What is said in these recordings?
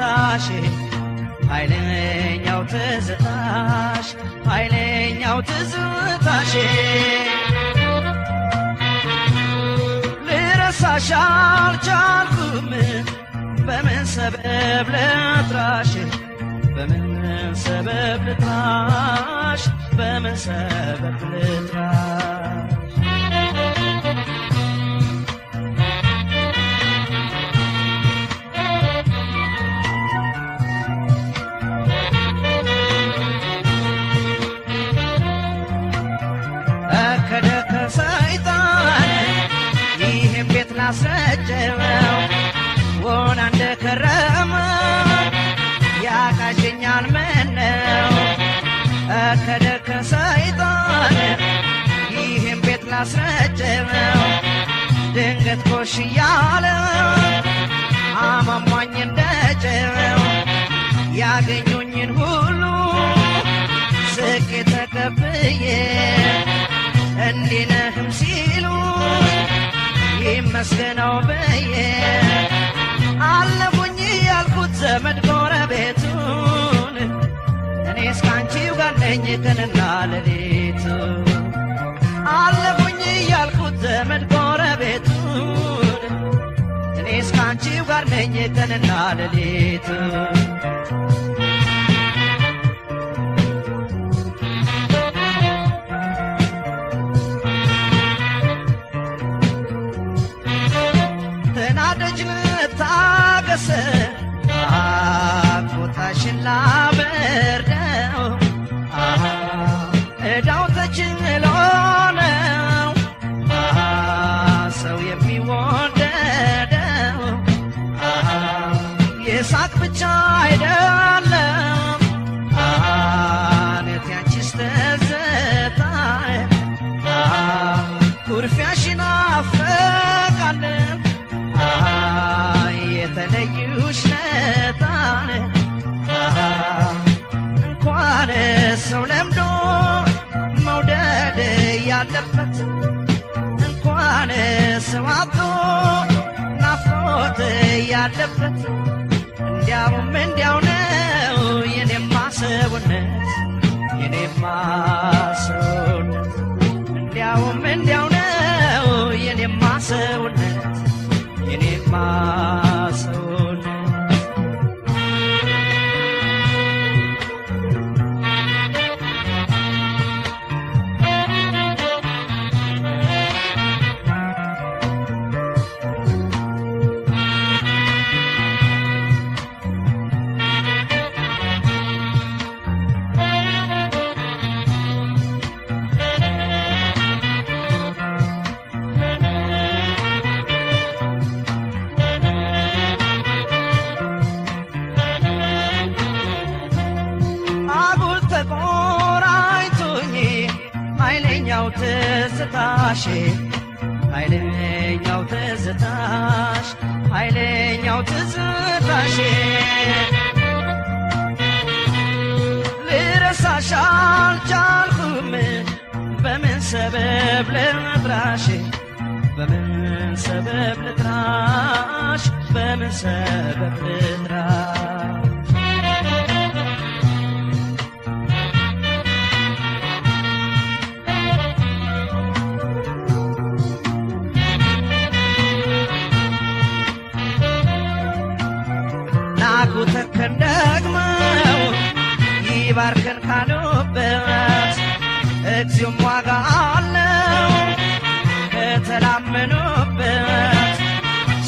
ትዝታሽ ኃይለኛው ትዝታሽ ኃይለኛው ትዝታሽ ልረሳሽ አልቻልኩም በምን ሰበብ ልጥራሽ በምን ሰበብ ልጥራሽ በምን ሰበብ ልጥራሽ ሳሰጀበው ወና እንደከረመ ያቃሸኛል ምነው ከደከ ሰይጣን ይህም ቤት ላስረጀበው ድንገት ኮሽ እያለ አማማኝ እንደጀበው ያገኙኝን ሁሉ ስቅ ተቀብዬ መስነው ብዬ አለፉኝ ያልኩት ዘመድ ጎረቤቱን እኔ እስካንቺው ጋር ነኝ ቀንና ሌሊቱ አለፉኝ ያልኩት ዘመድ ጎረቤቱን እኔ እስካንቺው ጋር ነኝ ቀንና ሌሊቱ ደረሰ አቦታሽን ወረደ ያለበት እንኳን ስማቶ ናፍቆት ያለበት እንዲያውም እንዲያው ነው የኔማ ሰውነት የኔማ ትዝታሽ ኃይለኛው ትዝታሽ ኃይለኛው ትዝታሽ ልረሳሽ አልቻልኩም በምን ሰበብ ልጥራሽ በምን ሰበብ ልጥራሽ በምን ሰበብ ልጥራሽ ይባርከን ካሉበት እግዚኦም ዋጋ አለው የተላመኑበት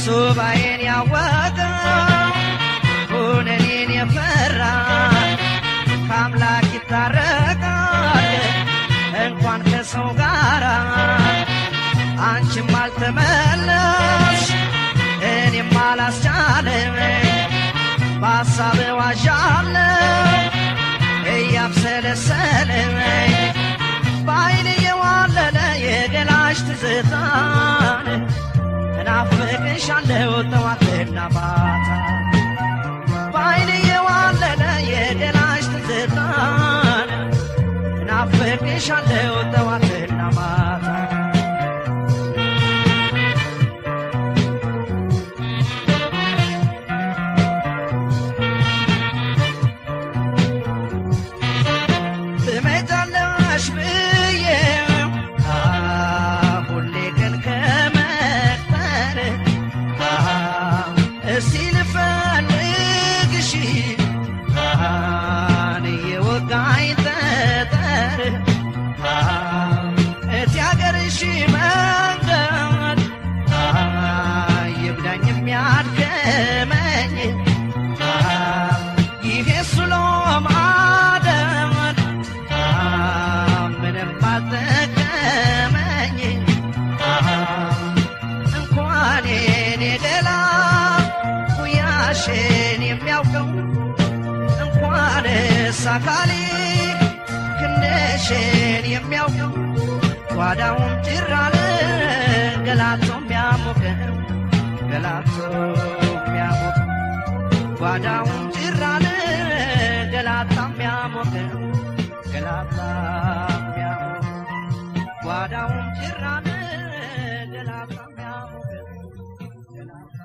ሱባኤን ያወቀው ሁነኔን የፈራ ከአምላክ ይታረቃል እንኳን ከሰው ጋራ አንቺም አልተመለስ እኔም አላስቻለኝ በሐሳብ ዋዣለሁ ያብሰለሰለኝ በአይን የዋለለ የገላሽ ትዝታን እናፍቅሻለሁ ጠዋትና ማታ በአይን የገላሽ ትዝታን እናፍቅሻለሁ ጠዋትና ማታ ያነሳ ካሊ ክንደሽን የሚያውቅ ጭራለ ገላቶ የሚያሞቅ ገላቶ የሚያሞቅ ጭራለ ገላታ የሚያሞቅ ገላታ የሚያሞቅ